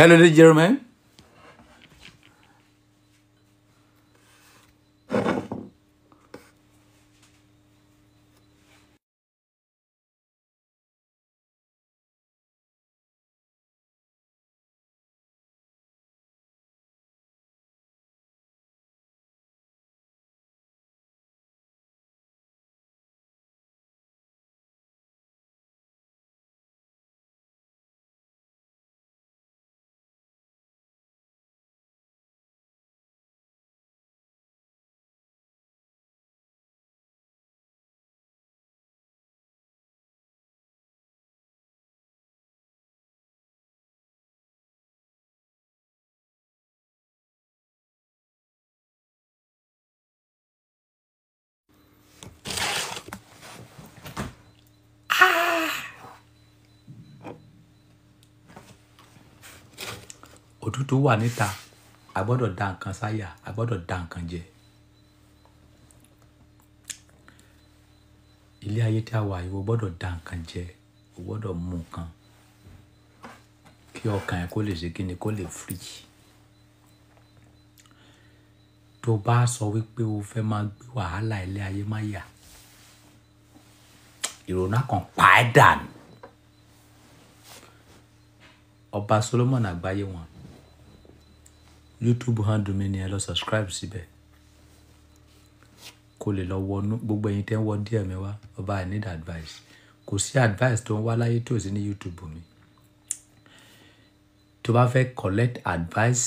Hallelujah, Jeremiah. òtútù wà níta a gbọ́dọ̀ da nǹkan sáyà a gbọ́dọ̀ da nǹkan jẹ. ilé ayé tí a wà yìí o gbọ́dọ̀ da nǹkan jẹ o gbọ́dọ̀ mú nǹkan kí ọkàn yẹn kó lè ṣe kí ni kó lè free. tó bá sọ wípé o fẹ́ máa gbé wàhálà ilé ayé má yà ìrònú àkàn pa ẹ́ dànù ọba Solomon àgbáyé wọn YouTube handle mi ni ẹ lọ subscribe síbẹ̀ kó lè lọ wọnú gbogbo ẹ̀yin tẹ́ ń wọ díẹ̀ mi wá ọba I need advice kò sí advice tó ń wá láyé tó sí ní YouTube mi tó bá fẹ́ collect advice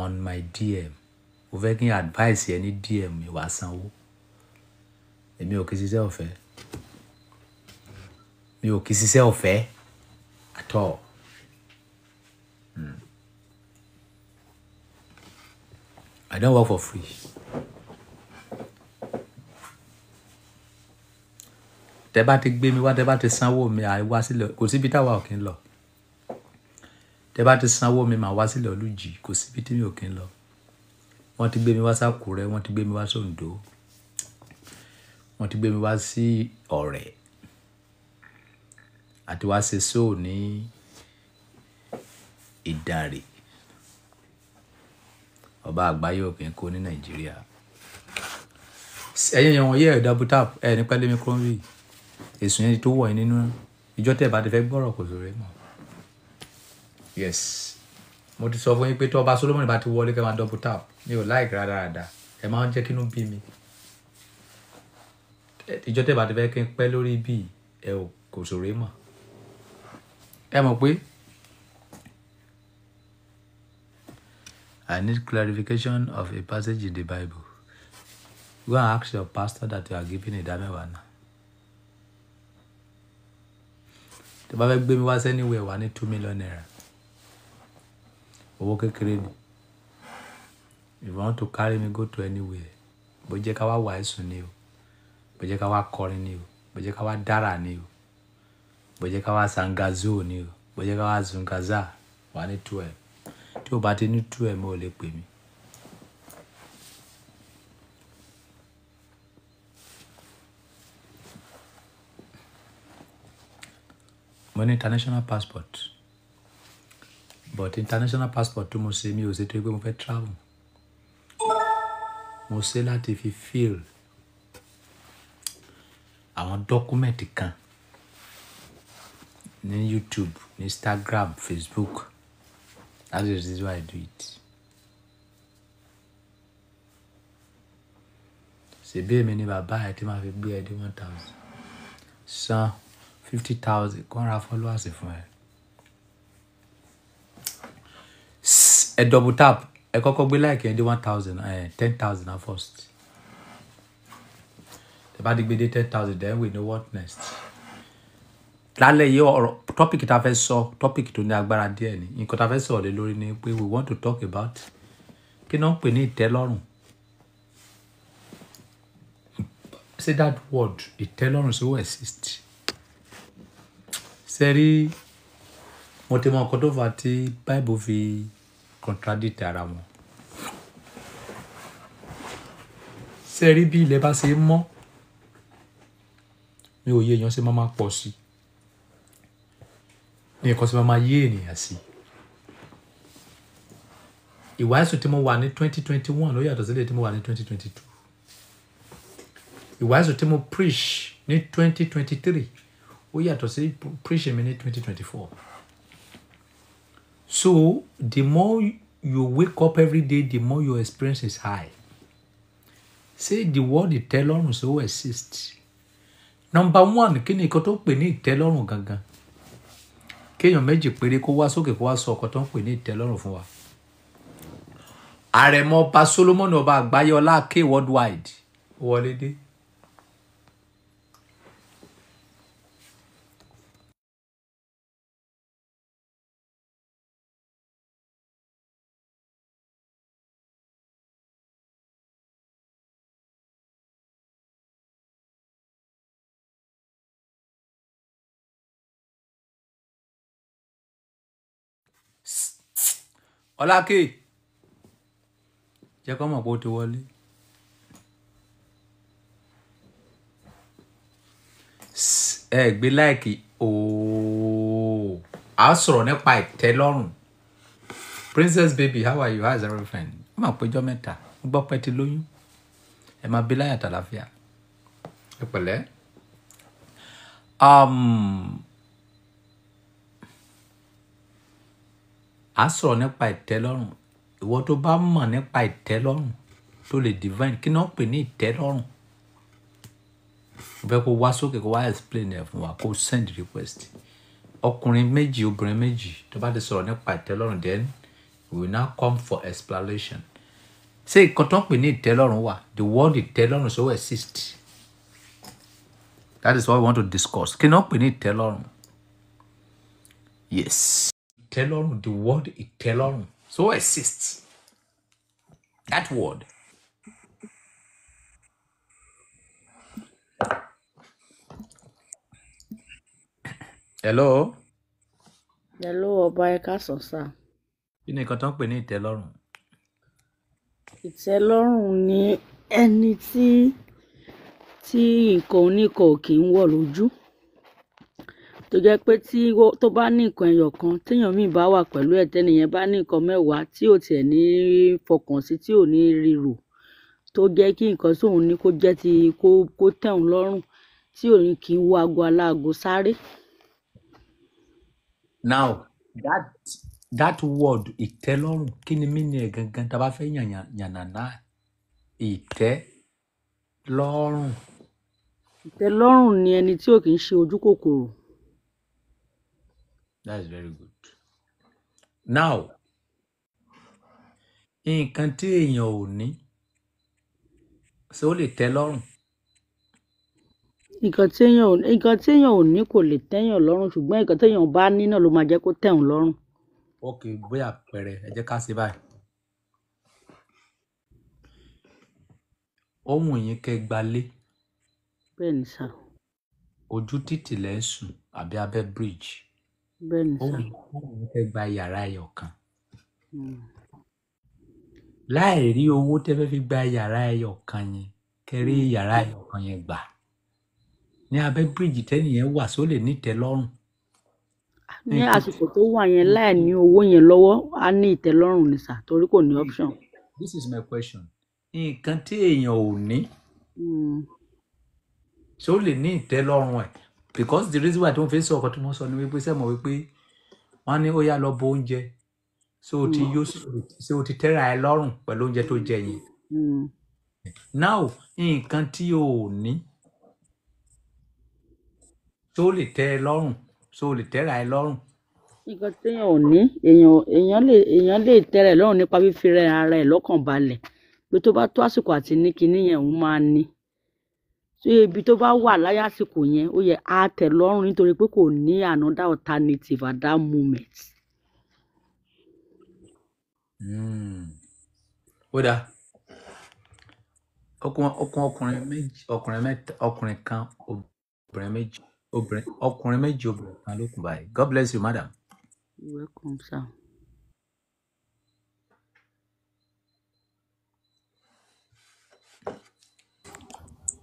on my DM o fẹ́ kí n advice yẹn ní DM mi wá sanwó èmi ò kì í ọ̀fẹ́ mi ò kì í ọ̀fẹ́ at all. Mm. I don't work for free. tẹ bá ti gbé mi wá tẹ bá ti sanwó mi à wá sílẹ̀ kò síbi táwa ò kí ń lọ tẹ bá ti sanwó mi màá wá sílẹ̀ olùjì kò síbi tí mi ò kí ń lọ wọ́n ti gbé mi wá sákùrẹ́ wọ́n ti gbé mi wá sóńdó wọ́n ti gbé mi wá sí ọ̀rẹ́ àti wá ṣe sóò ní ìdàrè ọba àgbáyé òkè ń kó ní nàìjíríà ẹ̀yin yẹn wọ̀nyí ẹ double tap ẹ ní pẹ̀lú microbi èsù yẹn tó wọ̀ yín nínú ìjọ tẹ́ bá ti fẹ́ gbọ́rọ̀ kò sóore mọ́ yes mo ti sọ fún yín pé tí ọba solomoni bá ti wọlé kẹ́ máa double tap mi ò láì rárá rárá ẹ máa ń jẹ́ kínú bí mi ìjọ tẹ́ ẹ bá ti fẹ́ kí n pẹ́ lórí bí ẹ ò kò sóore mọ́ ẹ mọ̀ pé I need clarification of a passage in the Bible. Go and ask your pastor that you are giving a dame one. The Bible fẹ́ gbé mi wá sẹ́niwẹ̀ wá ní two million naira owó kékeré if you want to carry me go to anywhere bó jẹ́ ká wá wàásù ni you bó jẹ́ ká wá kọrin ni you bó jẹ́ ká wá dára ni you bó jẹ́ ká wá sangazo ni o bó jẹ́ ká wá zungaza One ní twelve. Tí o bá ti ní tú ẹ̀ mọ́, o lè pè mí. Mo ní international passport. But international passport tí mo ṣe mi ò ṣe torí pé mo fẹ́ travel. Mo ṣe láti fi fill àwọn document kan ní YouTube, Instagram, Facebook. That's the reason why I do it. ṣèbí èmi ni bàbá buy. tí màá fi gbé ẹ dé one thousand san fifty thousand kó ra followers fún ẹ. ẹ double tap A kọ́kọ́ gbé láìkí ẹ dé one thousand ẹ eh, ten thousand na first. The body be gbé ten thousand then we know what next lálẹ́ yìí ọ̀rọ̀ topic tá a fẹ́ sọ topic tó ní agbára díẹ̀ ni nǹkan tá a fẹ́ sọ̀rọ̀ lé lórí ni pé we want to talk about kí náà ń pè ní ìtẹ́lọ́rùn say that word ìtẹ́lọ́rùn so exist ṣe rí mo ti mọ ọkọ tó fà tí Bible fi contradict ara wọn ṣe rí bí ilẹ̀ bá ṣe mọ́ ní òye èèyàn ṣe máa máa pọ̀ sí i na yɛkɔ so bɛma yie ne yɛasi ìwáyé sùn tí mo wà ní twenty twenty one ó yàtọ̀ sílẹ̀ tí mo wà ní twenty twenty two ìwáyé sùn tí mo preach ní twenty twenty three ó yàtọ̀ sí preach mi ní twenty twenty four so the more you wake up every day the more your experience is high say the word ìtẹ́lọ́rùn so exist number one kí ni nǹkan tó pè ní ìtẹ́lọ́rùn gangan kéèyàn méjì péré kó wá sókè kó wá sọ ọkọ tó ń pè ní ìtẹ́lọ́rùn fún wa. àrẹ̀mọ ọba solomoni ọba àgbáyé ọlá ké worldwide wọlé dé ọlákè jẹ́ kọ́ mọ̀ pé ó ti wọlé. ẹ gbé láìkì ooo a sọ̀rọ̀ nípa ìtẹ́lọ́rùn princess baby how are you how is everything ó mà péjọ mẹ́ta ó gbọ́ pé ti lóyún ẹ máa bí láyà tàlàfíà ẹ pẹ̀lẹ́. Um, à ń sọ̀rọ̀ nípa ìtẹ́lọ́rùn ìwọ tó bá mọ̀ nípa ìtẹ́lọ́rùn tó lè divine kí náà pè ní ìtẹ́lọ́rùn mo fẹ́ kó wá sókè kó wá explain ẹ̀ fún wa kó send request ọkùnrin méjì obìnrin méjì tó bá ti sọ̀rọ̀ nípa ìtẹ́lọ́rùn then we will now come for explanation ṣé nǹkan tó ń pè ní ìtẹ́lọ́rùn wà the word ìtẹ́lọ́rùn so exist that is what we want to discuss kí náà pè ní ìtẹ́lọ́rùn yes ìtẹ́lọ́rùn the word ìtẹ́lọ́rùn so exist that word. hello. hello ọba ẹ káàsán sá. kí ni nǹkan tó ń pè ní ìtẹ́lọ́rùn. ìtẹ́lọ́rùn ni ẹni tí tí nǹkan oníkan ò wọ̀ lójú tó jẹ́ pé tí tó bá ní nǹkan ẹyọ kan téèyàn míì bá wà pẹ̀lú ẹ̀ tẹ́nìyẹn bá ní nǹkan mẹ́wàá tí ò tiẹ̀ ní fọkàn sí tí ò ní rí rò tó jẹ́ kí nǹkan sóun ní kó jẹ́ ti kó kó tẹ́ òun lọ́rùn tí ò ní kí wo aago aláago sáré. now that that word ìtẹ́lọ́rùn kí ni mí ni ẹ̀ gangan tá a bá fẹ́ yànnàná ìtẹ́lọ́rùn. ìtẹ́lọ́rùn ni ẹni tí ò kì í ṣe ojú kòkòrò That's very good. Now, nǹkan tí èèyàn ò ní ṣé ó lè tẹ́ lọ́rùn? nǹkan tí èèyàn ò nǹkan tí èèyàn ò ní kò lè tẹ́yàn lọ́rùn ṣùgbọ́n nǹkan tí èèyàn bá ní náà ló máa jẹ́ kó tẹ̀hún lọ́rùn. Ok, bóyá àpẹẹrẹ ẹ jẹ́ ká ṣe báyìí. Ohun yìí kẹ́ gbalé, Bẹ́ẹ̀ ni sà. ojú títì lẹ́ ń sùn àbí abẹ́ bíríìjì bẹ́ẹ̀ni sá. òun fẹ́ gba yàrá ẹyọ kan hmm. láì rí owó tẹ́ fẹ́ fi gba yàrá ẹyọ kan yẹn kẹrí hmm. yàrá ẹyọ kan yẹn gbà ní abẹ́ bíríìjì tẹ́nìyẹn wà sólè nítẹ́lọ́rùn ní àsìkò tó wà yẹn láì ní owó yẹn lọ́wọ́ á ní ìtẹ́lọ́rùn ní sà torí kò ní option. this is my question nǹkan tí èèyàn ò ní hmm. ṣó lè ní ìtẹ́lọ́rùn ẹ̀ because the reason why I ń fi sọ ọkọ tí wọ́n sọ ni wípé sẹ́mọ̀ wípé wọ́n ní ó yá lọ bó oúnjẹ so o ti yóò ṣe o ti tẹ́ra ẹ lọ́rùn pẹ̀lú oúnjẹ tó jẹ yẹn mm. now nǹkan tí o ò ní tó lè tẹ́ ẹ lọ́rùn so o lè tẹ́ra ẹ lọ́rùn. nǹkan téèyàn ò ní èèyàn èèyàn lè èèyàn lè tẹ́ra ẹ lọ́rùn nípa fífi ara ẹ lọ́kàn balẹ̀ pé tó bá tó àsìkò àti ní kinní yẹn òun máa ní ṣé ibi tó bá wà láyé àsìkò yẹn ó yẹ á tẹ̀ lọ́rùn nítorí pé kò ní another alternative at that moment. Hmm. ó dáa ọkùnrin méjì ọkùnrin mẹ́ta ọkùnrin kan obìnrin méjì obìnrin ọkùnrin méjì obìnrin kan ló kù báyìí God bless you madam. You're welcome sir.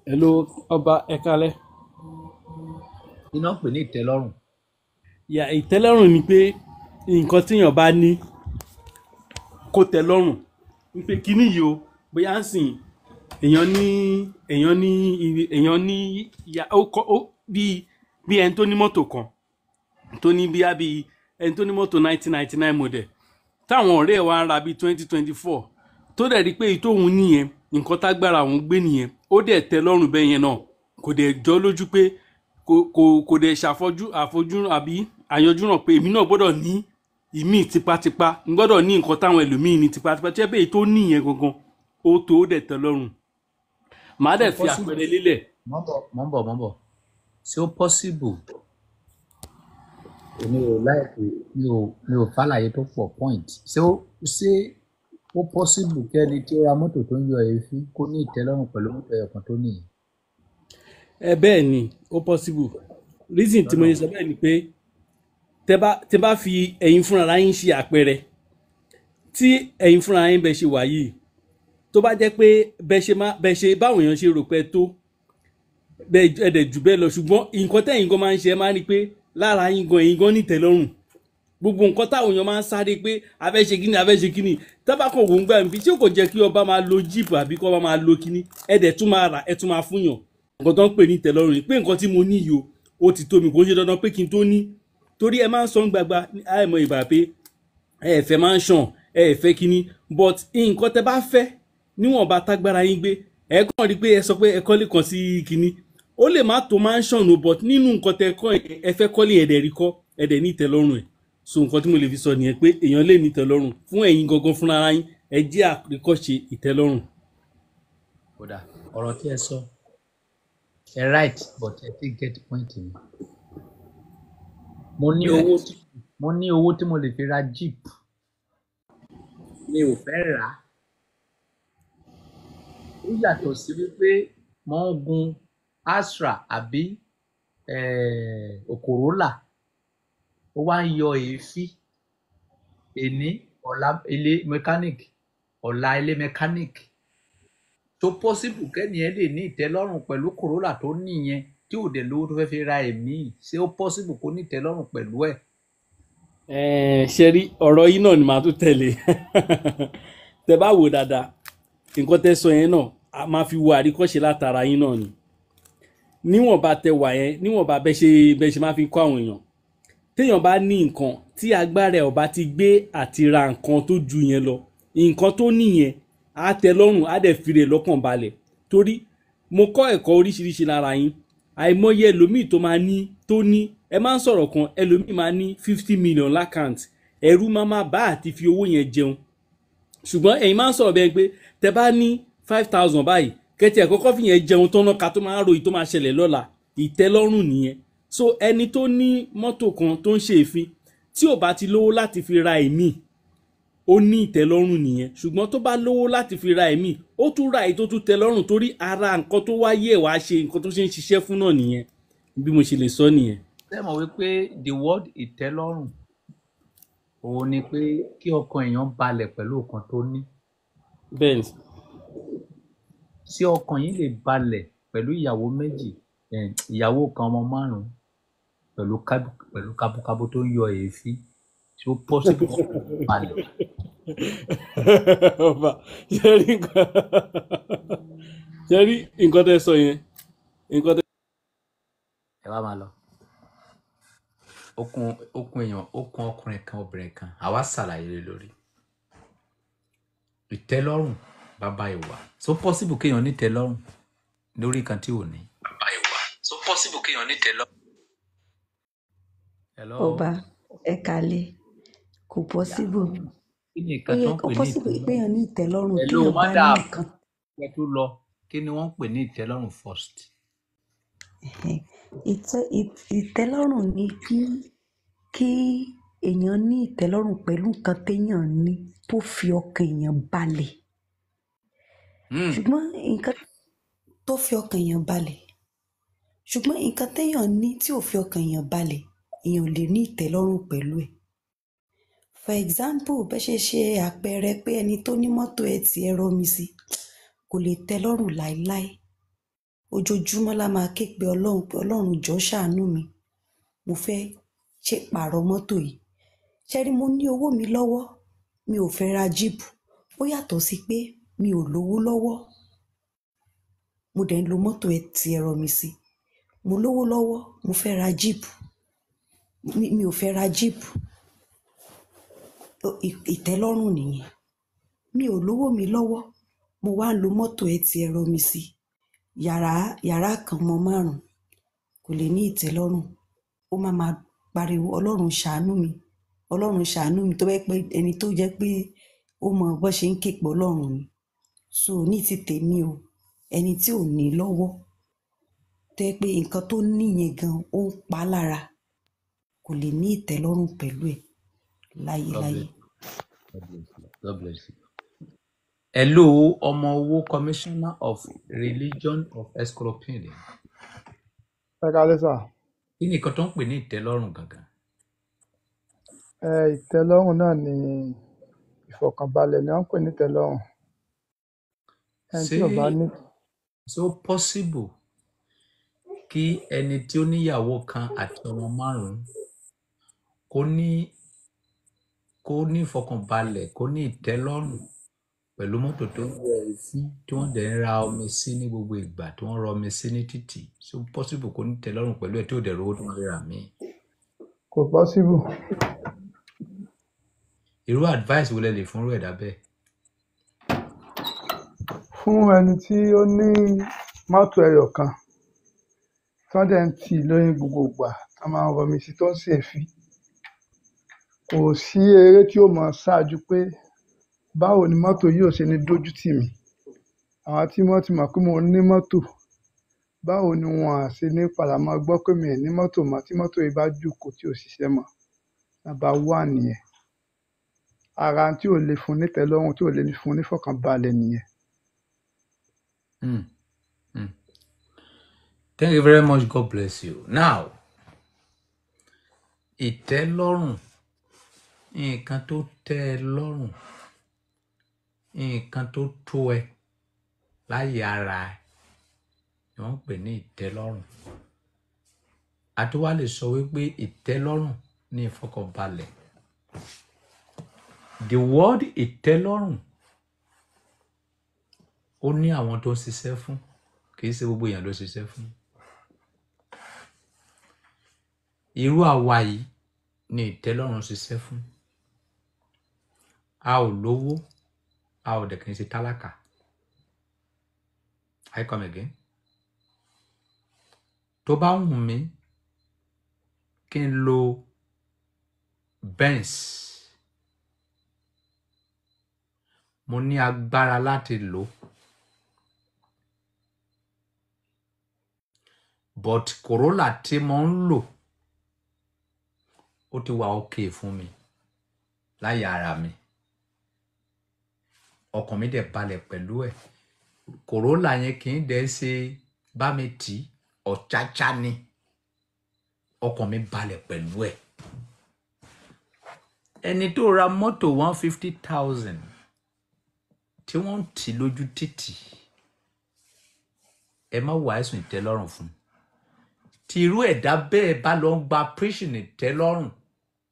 hello ọba ẹ kálẹ́. iná pè ní ìtẹ́lọ́rùn. ìyá ìtẹ́lọ́rùn ni pé nǹkan tíyàn bá ní kó tẹ́ lọ́rùn ń pé kínní yìí o bóyá ń sìn èèyàn ní èèyàn ní èèyàn ní ìyá ó kọ ó bíi bíi ẹni tó ní mọ́tò kan tó ní bíi àbí ẹni tó ní mọ́tò nineteen ninety nine model táwọn ọ̀rẹ́ wa ń ra bíi twenty twenty four tó dẹ̀ rí pé èyí tóun níyẹn nǹkan tágbára òun gbé nìyẹn ó dẹ̀ tẹ́ lọ́rùn bẹ́ẹ̀ yẹn náà kò dẹ̀ jọ lójú pé kò kò kò dẹ̀ ṣàfọ́jú àfojú àbí àyanjúràn pé èmi náà gbọ́dọ̀ ní ìmí tipátipá n gbọ́dọ̀ ní nǹkan táwọn ẹlòmíín ní tipátipá tí ẹ bẹ́ẹ̀ tó ní ìyẹn gangan ó tó ó dẹ̀ tẹ́ lọ́rùn màá dẹ̀ fi àpẹẹrẹ lélẹ̀. mọ̀ bọ̀ mọ̀ bọ̀ ṣé ó possible èmi ò láìpẹ́ mi ò mi ò fàlàyé tó pọ̀ point ṣé ó ṣé ó pọ́sibù kẹ́ni tí ó ra mọ́tò tó ń yọ èéfín kó ní ìtẹ́lọ́rùn pẹ̀lú mọ́tò ẹ̀kan tó nìyí. ẹ bẹ́ẹ̀ ni ó pọ́sibù reason tí mo yẹ sọ bẹ́ẹ̀ ni pé tẹ bá fi ẹ̀yin fúnra yín ṣe àpẹẹrẹ tí ẹ̀yin fúnra yín bẹ ṣe wà yìí tó bá jẹ́ pé bẹ ṣe báwọn èèyàn ṣe rò pé tó ẹ̀dẹ̀ jù bẹ́ẹ̀ lọ ṣùgbọ́n nǹkan tẹ̀yin gan máa ń ṣe máa ń rí pé lára yín gan ẹ̀yin gan nìtẹ́lọ́rùn gbogbo nǹkan táwọn èèyàn máa ń sáré pé abẹ́ṣe kíni abẹ́ṣe kíni tábàkọ̀ òun gbà mí tí kò jẹ́ kí ọba máa lo jíìpù àbí kọ́ ọba máa lo kíní ẹ̀dẹ̀ tún máa rà ẹ̀ tún máa fún yàn nǹkan tó ń pè ní ìtẹ̀lọ́rùn pé nǹkan tí mo ní yìí o ó ti tó mi kò ń ṣe dandan pé kí n tó ní torí ẹ máa ń sọ ń gbagba àìmọ̀ ìgbà pé ẹ ẹ fẹ́ mansion ẹ ẹ fẹ́ kíní but nǹkan tẹ bá fẹ́ níwọ̀nba tágbára yín gbé ẹ kàn rí pé ẹ sọ pé ẹ kọ́lé kan sí kíní ó lè má tó mansion o but nínú nǹkan tẹ kọ́ ẹ fẹ́ kọ́lé ẹ̀dẹ̀ rí kọ́ ẹ̀dẹ̀ ní ìtẹ̀lọ́rùn ẹ̀ so nǹkan tí mo lè fi sọ nìyẹn pé èèyàn lè ní ìtẹ́lọ́rùn fún ẹ̀yin gangan fúnra ara yín ẹ jẹ́ àríkọ́ṣe ìtẹ́lọ́rùn. kódà ọ̀rọ̀ tí ẹ sọ ẹ right but ẹ ti get point mi mo ní owó tí mo ní owó tí mo lè fi ra jeep mi ò fẹ́ rà á ó yàtọ̀ sí wípé mo ń gun astra àbí eh, okorola ó wá ń yọ èéfín èní ọ̀la ilé mechanic ọ̀la ilé mechanic tó possible kẹ́ni ẹ lè ní ìtẹ́lọ́rùn pẹ̀lú Corolla tó nìyẹn tí ò dẹ̀ lówó tó fẹ́ fi ra ẹ̀mí ṣé ó possible kó ní ìtẹ́lọ́rùn pẹ̀lú ẹ̀. ẹ ṣe rí ọ̀rọ̀ yìí náà ni màá tún tẹ̀lé tẹ bá wò dáadáa nǹkan tẹ sọ yẹn náà a máa fi wo àríkọ́ṣe látara yín náà ni níwọ̀nba tẹ wà yẹn níwọ̀nba bẹ́ ṣe bẹ́ ṣe máa fi kọ́ àwọn èèyàn téèyàn bá ní nǹkan tí agbára ẹ̀ ọba ti gbé àti ra nǹkan tó ju yẹn lọ nǹkan tó nìyẹn á tẹ́ lọ́rùn á dẹ̀ fi rẹ̀ lọ́kàn balẹ̀ torí mo kọ́ ẹ̀kọ́ oríṣiríṣi lára yín àìmọye ẹlòmíì tó máa ní tó ní ẹ máa ń sọ̀rọ̀ kan ẹlòmíì máa ní fifty million lákàǹtì ẹ̀rú máa máa bá àti fi owó yẹn jẹun ṣùgbọ́n ẹ̀yin máa ń sọ̀rọ̀ bẹ́ẹ̀ pé tẹ bá ní five thousand báyìí kẹtì ẹ̀kọ́kọ́ fi yẹn jẹun tán náà ká tó máa ń ròyìn tó máa ṣẹlẹ̀ lọ́la ìtẹ́lọ́rùn nìyẹn so ẹni tó ní mọ́tò kan tó ń ṣe èéfín tí ò bá ti lówó láti fi ra èmi ó ní ìtẹ́lọ́rùn nìyẹn ṣùgbọ́n tó bá lówó láti fi ra èmi ó tún ra èyí tó tún tẹ́lọ́rùn torí ara nǹkan tó wáyé ẹ̀ wá ṣe nǹkan tó ṣe ń ṣiṣẹ́ fún náà nìyẹn bí mo ṣe lè sọ nìyẹn. ṣé mọ̀ wípé the word ìtẹ́lọ́rùn òun ni pé kí ọkàn èèyàn balẹ̀ pẹ̀lú nǹkan tó ní. bẹ́ẹ̀ni. ṣé ọkàn yín lè balẹ̀ pẹ̀lú ìyàwó méjì ìyàwó kan ọmọ márùn-ún pẹ̀lú kábù pẹ̀lú kábúkábú tó ń yọ èéfín tí ó pọ̀ sí balẹ̀. ọba jẹ́rí nǹkan jẹ́rí nǹkan tẹ́ sọ yẹn nǹkan tẹ́. ẹ wá máa lọ okun okun èèyàn okun ọkùnrin kan obìnrin kan àwa ṣàlàyé rẹ lórí ìtẹ́lọ́rùn bàbá ìwà so possible kéèyàn ní lórí kan tí ò ní. bàbá ìwà so possible kéèyàn ní tẹ̀lọ́. ọba ẹ kalẹ̀ kò possible ó yẹ kó possible kéèyàn ní ìtẹ́lọ́rùn kéèyàn bá ní nǹkan. ẹ tó lọ kí ni wọ́n ń pè ní ìtẹ́lọ́rùn first. ìtẹ́lọ́rùn ni kí kí èèyàn ní ìtẹ́lọ́rùn pẹ̀lú nǹkan téèyàn ní tó fi ọkàn èèyàn balẹ̀ hmm. ṣùgbọ́n nǹkan tó fi ọkàn èèyàn balẹ̀ ṣùgbọ́n nǹkan téèyàn ní tí ò fi ọkàn èèyàn balẹ̀ èèyàn lè ní ìtẹ́lọ́rùn pẹ̀lú ẹ̀ for example bẹ́ ṣe ṣe àpẹẹrẹ pé ẹni tó ní mọ́tò ẹ̀ tí ẹ rọ́ mi sí kò lè tẹ́ láéláé ojoojúmọ́ la máa ké pe ọlọ́run pé ọlọ́run jọ ṣàánú mi mo fẹ́ ṣe pààrọ̀ mọ́tò yìí ṣe rí mo ní owó mi lọ́wọ́ mi ò fẹ́ ra jíìpù ó yàtọ̀ sí pé mi ò lówó lọ́wọ́ mo dẹ̀ ń lo mọ́tò ẹ̀ tí ẹ rọ́ mi sí mo lówó lọ́wọ́ mo fẹ́ ra jíìpù mi ò fẹ́ ra jíìpù ìtẹ́lọ́rùn nìyẹn mi ò lówó mi lọ́wọ́ mo wá ń lo mọ́tò ẹ ti ẹ̀rọ mi sí yàrá yàrá kan mọ márùn kò lè ní ìtẹ́lọ́rùn ó máa máa pariwo ọlọ́run ṣàánú mi ọlọ́run ṣàánú mi tó bẹ́ pé ẹni tó jẹ́ pé ó mọ bó ṣe ń képe ọlọ́run ni so ní ti tèmi o ẹni tí ò ní lọ́wọ́ tẹ́ pé nǹkan tó níyẹn gan ó ń pa lára kò lè ní ìtẹ́lọ́rùn pẹ̀lú ẹ̀ láyéláyé. hello ọmọ owó commissioner of religion of escropinia. ẹ kálẹ́ sà. kí ni nǹkan tó ń pè ní ìtẹ́lọ́rùn gangan. ẹ ìtẹ́lọ́rùn náà ni ìfọ̀kànbalẹ̀ ni wọ́n ń pè ní ìtẹ́lọ́rùn. ẹni tí possible kí ẹni tí ó níyàwó kan àti ọmọ márùn-ún kó ní kó ní ìfọkànbalẹ̀ kó ní ìtẹ́lọ́rùn pẹ̀lú mọ́tò tó ń wọ èéfín tí wọ́n dẹ̀ ń ra omi sí ní gbogbo ìgbà tí wọ́n ra omi sí ní títì so possible kó ní ìtẹ́lọ́rùn pẹ̀lú ẹ̀ tí ò dẹ̀ rówó tó ń rà mí. kò possible. irú advice wo lẹ lè fún irú ẹ̀dá bẹ́ẹ̀. fún ẹni tí ó ní mọ́tò ẹyọ kan tán dẹ̀ ń tì lóyún gbogbo ìgbà tá a máa rọmi sí tó ń ṣe èéfín kò sí eré tí ó mọ̀ ṣáájú pé báwo ni mọ́tò yóò ṣe ní dójú tì mí àwọn tí wọ́n ti mọ̀ pé mo ní mọ́tò báwo ni wọn à ṣe ní padà máa gbọ́ pé mi ì ní mọ́tò mọ́ tí mọ́tò yìí bá jókòó tí ò ṣiṣẹ́ mọ́ nàbà wà nìyẹn ara tí ò lè fún nítẹ́lọ́rùn tí ò lè fún nífọ̀kànbalẹ̀ nìyẹn. Hmm. Thank you very much. God bless you. Now, ìtẹ́lọ́rùn nǹkan tó tẹ́ ẹ lọ́rùn nǹkan tó tó ẹ láyé ara ẹ ni wọ́n ń pè ní ìtẹ́lọ́rùn. Àtiwá lè sọ wípé ìtẹ́lọ́rùn ní ìfọkànbalẹ̀. The word ìtẹ́lọ́rùn ó ní àwọn tó ń ṣiṣẹ́ fún kì í ṣe gbogbo èèyàn ló ṣiṣẹ́ fún. irú àwa yìí ni ìtẹ́lọ́run ṣiṣẹ́ fún a ò lówó a ò dẹ̀ ṣe tálákà I come again tó bá wù mí kí n lo Benz mo ní agbára láti lò but Corolla tí mo ń lò ó ti wà ok fún mi láyé ara mi ọkàn mi dẹ̀ balẹ̀ pẹ̀lú ẹ̀ kòrólà yẹn kì í dẹ̀ ṣe bá mi tì í ọ̀cháchá ni ọkàn mi balẹ̀ pẹ̀lú ẹ̀ ẹni tó ra mọ́tò one fifty thousand tí wọ́n ń tì lójú títì ẹ má wá ẹ̀sùn ìtẹ́lọ́rùn fún un tí ẹ̀dá bẹ́ẹ̀ bá lọ gba prison ìtẹ́lọ́rùn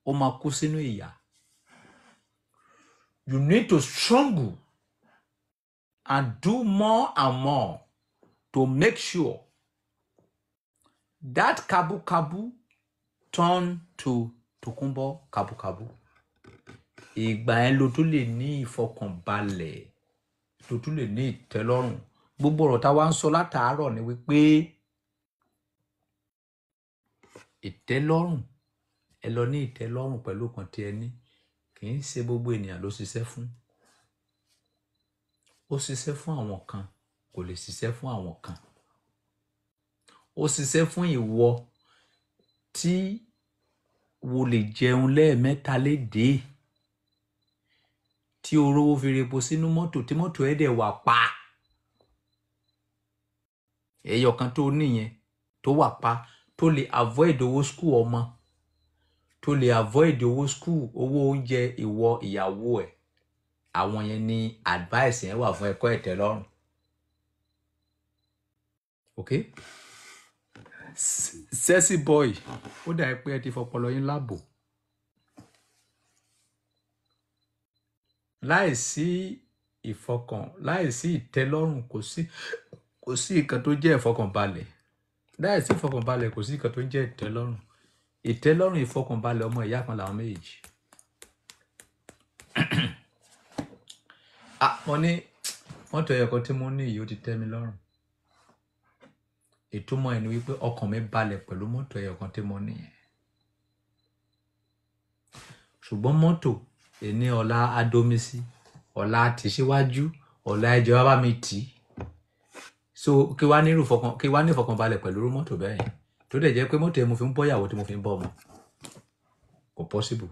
O máa kú sínú ìyà you need to struggle and do more and more to make sure that kabukabu turn to tòkunbọ̀ kabukabu ìgbà yẹn lo tún lè ní ìfọkànbalẹ̀ lo tún lè ní ìtẹ́lọ́rùn gbogbo ọ̀rọ̀ tá a ń sọ látàárọ̀ ni wípé ìtẹ́lọ́rùn ẹ lọ ní ìtẹ́lọ́rùn pẹ̀lú kan tí ẹ ní kì í ṣe gbogbo ènìyàn ló ṣiṣẹ́ fún ó ṣiṣẹ́ fún àwọn kan kò lè ṣiṣẹ́ fún àwọn kan ó ṣiṣẹ́ fún ìwọ tí wo lè jẹun lẹ́ẹ̀mẹ́ta lédè tí o rówó fi repo sínú mọ́tò tí mọ́tò ẹ̀ dẹ̀ wà pa ẹyọ kan tó níyẹn tó wà pa tó lè avoid owó skul ọmọ tó lè avoid owó school owó oúnjẹ ìwọ ìyàwó ẹ̀ àwọn yẹn ni advice yẹn wà fún ẹ̀kọ́ ìtẹ́lọ́rùn ok sexy boy ó dà pé ẹ ti fọpọlọ yín láàbò láìsí ìfọkàn láìsí ìtẹ́lọ́rùn kò sí kò sí nǹkan tó jẹ́ ìfọkànbalẹ̀ láìsí ìfọkànbalẹ̀ kò sí nǹkan tó jẹ́ ìtẹ́lọ́rùn ìtẹ́lọ́rùn ìfọkànbalẹ̀ ọmọ ìyá kan làwọn méjì wọ́n ah, ní mọ́tò ẹ̀kọ́ tí mo ní yìí ó ti tẹ́ mi lọ́rùn ìtumọ̀ ẹni wípé ọkàn mi balẹ̀ pẹ̀lú mọ́tò ẹ̀kọ́ tí mo ní yẹn ṣùgbọ́n mọ́tò ẹni ọ̀la adomisi ọ̀la ti síwájú ọ̀la ẹjọ́ bá mi tì í so kí wàá ní ìfọkànbalẹ̀ pẹ̀lú mọ́tò bẹ́ẹ̀ yẹn tó dẹ̀ jẹ́ pé mọ́tò ẹ̀ mo fi ń bọ́ ìyàwó tí mo fi ń bọ́ ọmọ kò possible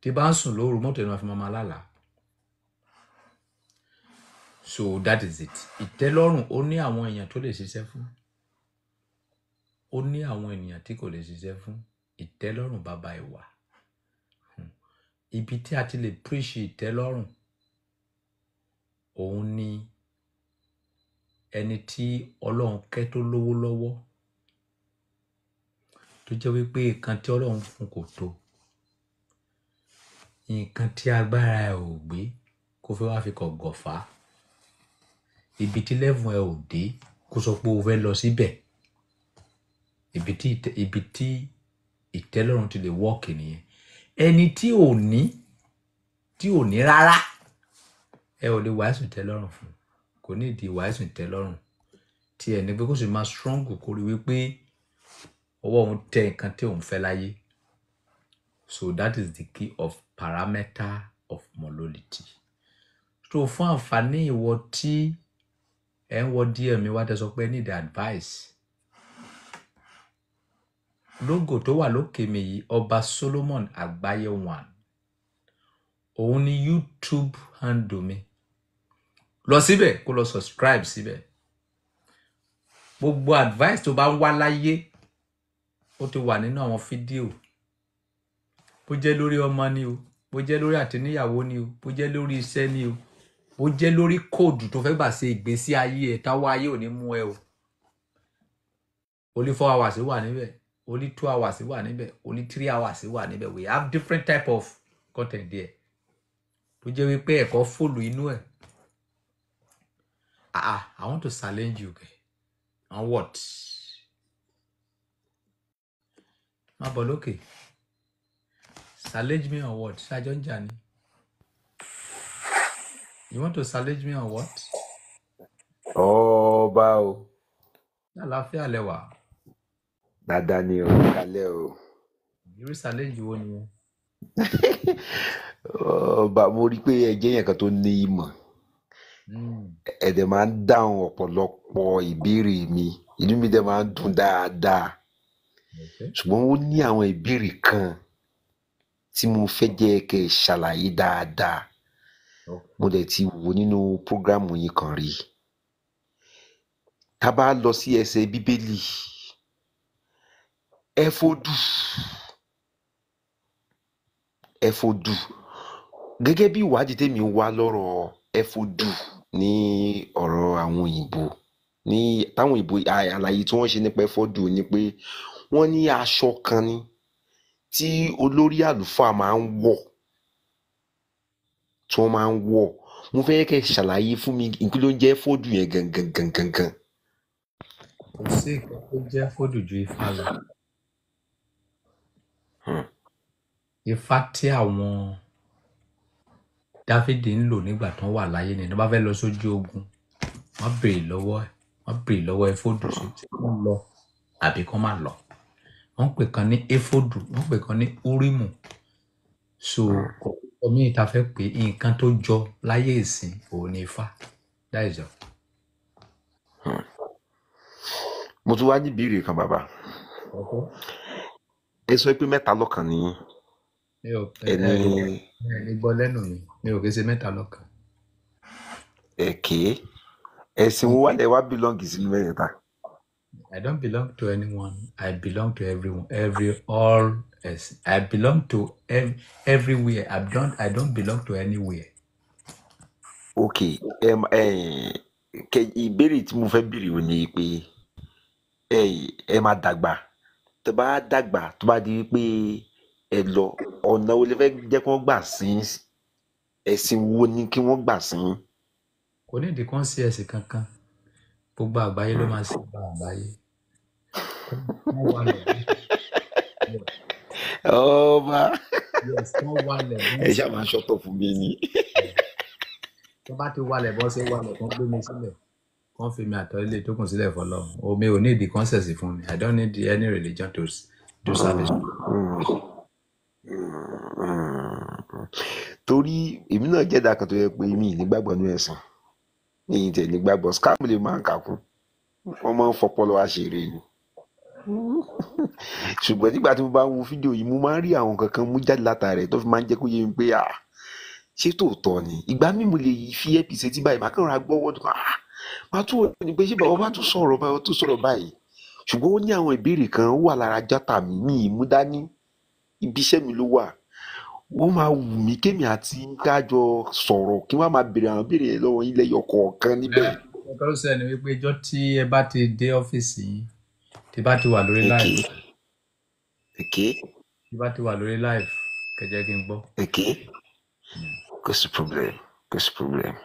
tí bá ń sùn lóru mọ́tò ẹ̀ ni wọ́n lálàá so that is it ìtẹ́lọ́rùn ó ní àwọn èèyàn tó lè ṣiṣẹ́ fún ó ní àwọn ènìyàn tí kò lè ṣiṣẹ́ fún ìtẹ́lọ́rùn bàbá ìwà hmm. ibi tí a ti lè preach ìtẹ́lọ́rùn òun ni ẹni tí ọlọ́run kẹ́ tó lówó lọ́wọ́ tó jẹ́ wípé nǹkan tí ọlọ́run fún kò tó nǹkan tí agbára ẹ ò gbé kó fẹ́ wá fi kọ̀ gọ̀fà ibi tí lẹ́fún ẹ ò dé kó sọ pé o fẹ́ lọ síbẹ̀ ibi tí ìtẹ́lọ́run ti lè wọ́ọ̀kì nìyẹn ẹni tí ò ní tí ò ní rárá ẹ ò lè wàásù tẹ́lọ́run fún kò ní ìdí ìwà ẹ̀sùn ìtẹ́lọ́rùn tí ẹni pé kó sì máa strong kó rí wípé ọwọ́ òun tẹ nǹkan tí òun fẹ́ láyé so that is the key of parameter of morality so fún àǹfààní ìwọ tí ẹ ń wọ díẹ̀ mi wá tẹ sọ pé need advice lógo tó wà lókè mi yìí ọba Solomon àgbáyé one òun ni YouTube handle mi lọ síbẹ̀ kó lọ subscribe síbẹ̀ gbogbo advice tó bá ń wá láyé ó ti wà nínú àwọn fídíò bó jẹ́ lórí ọmọ ni o bó jẹ́ lórí àtìníyàwó ni o bó jẹ́ lórí iṣẹ́ ni o bó jẹ́ lórí kóòdù tó fẹ́ gbà ṣe ìgbésí ayé ẹ̀ táwọn ayé ò ní mú ẹ o only four hours wà níbẹ̀ only two hours wà níbẹ̀ only three hours wà níbẹ̀ we have different type of content there tó jẹ́ wípé ẹ̀kọ́ fòlù inú ẹ̀ Ah, ah, I want to challenge you. On what? Má bọ̀ lókè. Challenge me on what? Ṣájọ́ ń jà You want to challenge me on what? Oh, Ọba o. Àlàáfíà lẹwà. Dáadáa ni o, kálẹ̀ o. Irú challenge wo ni o? Ọba mo rí i pé ẹ̀jẹ̀ yẹn kan tó ní ìmọ̀. Hmm. ẹ dẹ̀ máa ń dáhùn ọ̀pọ̀lọpọ̀ ìbéèrè mi inú mi dẹ̀ máa ń dùn dáadáa ṣùgbọ́n ó ní àwọn ìbéèrè kan tí mo fẹ́ jẹ́ kẹ́ ẹ ṣàlàyé dáadáa mo dẹ̀ ti wò nínú prógrámù yìí kan rí tá a bá lọ sí ẹsẹ̀ bíbélì ẹfọdù ẹfọdù gẹ́gẹ́ bí ìwádìí tèmi wá lọ́rọ̀ ẹfodù ni ọ̀rọ̀ àwọn òyìnbó ní táwọn òyìnbó àlàyé tí wọ́n ṣe nípa ẹfodù ni pé wọ́n ní aṣọ kan ni tí olórí àlùfáà máa ń wọ̀ tí wọ́n máa ń wọ̀ mo fẹ́ kẹ́ ṣàlàyé fún mi nǹkan ló ń jẹ́ ẹfodù yẹn gangan gangan kò sí nǹkan tó jẹ́ ẹfodù ju ifá lọ hmm. ifá tí àwọn. Hmm dáfídì ń lò nígbà tán wà láyé ni tó bá fẹ́ lọ sójú ogun wọ́n béèrè lọ́wọ́ ẹ̀ wọ́n béèrè lọ́wọ́ ẹ̀fọ́dù sí tí wọ́n lọ àbí kán má lọ wọ́n pè kan ní éfọ́dù wọ́n pè kan ní úrímù so omi ìta fẹ́ pé nǹkan tó jọ láyé ìsìn òun ni ifá dáìjọ. mo tún wá ní ìbéèrè kan bàbá ẹ sọ pé mẹ́ta lọ́kàn nìyí mi ò ní gbọ́ lẹ́nu mi mi ò kése mẹ́ta lọ́kàn. èké ẹ̀sìn wo wá lẹ̀ wá belong sínú mẹ́tẹ̀ẹ̀ta. I don't belong to anyone. I belong to everyone. Every all ẹ̀sìn. I belong to ev everywhere. I don't, I don't belong to anywhere. ok eh, ìbéèrè tí mo fẹ́ béèrè ò ní pé eh, ẹ máa dàgbà tó bá dàgbà tó bá di pé ẹ lọ ọ̀nà wo lè fẹ́ jẹ́ kí wọ́n gbà sí ẹ̀sìn wo ni kí wọ́n gbà sí. kò ní ìdí kan sí ẹ̀sìn kankan gbogbo àgbáyé ló máa ń sí gbogbo àgbáyé. ọba ẹ ṣáà máa ṣọtọ̀ fún mi ni. tó bá ti wálẹ̀ bọ́ sí wálẹ̀ kan gbé mi sílẹ̀ kan fi mi àtọ́ ilé tó kùn sílẹ̀ fọlọ́run omi ò ní ìdí kan ṣẹ̀sìn fún mi I don't need any religion to do mm. service. torí èmi náà jẹ́ ìdàkan tó yẹ pé mi ì nígbàgbọ́ nínú ẹ̀sìn mi ì tẹ̀ nígbàgbọ́ scam lè máa ń kàkún wọ́n máa ń fọpọlọ àṣèré ni ṣùgbọ́n nígbà tí mo bá ń wo fídíò yìí mo máa ń rí àwọn kankan mú jáde látàrí tó fi máa ń jẹ́ kó yé mi pé ah ṣé tòótọ́ ni ìgbà mi mo lè fi ẹ́pì ṣe tí báyìí màá kàn ra gbọ́wọ́ tó kàn ah màá tún wọ ni pé ṣé bàbá bá tún sọ̀rọ̀ báyìí tún sọ̀rọ̀ báyìí ṣùgbọ́n ó ní àwọn ìbéèrè kan wà lára játa mi mi ì mú dání ibi iṣẹ́ mi ló wà wọ́n máa wù mí kémi àti ká jọ sọ̀rọ̀ kí wọ́n máa béèrè àwọn béèrè lọ́wọ́ ilé ọkọ̀ kan níbẹ̀. ọkọ ló sẹ́ni wípé ijọ́ tí ẹ bá ti dé ọ́fíìsì yìí tí bá ti wà lórí live tí bá ti wà lórí live kẹjẹ kí n gbọ́. kò sí problem kò sí problem.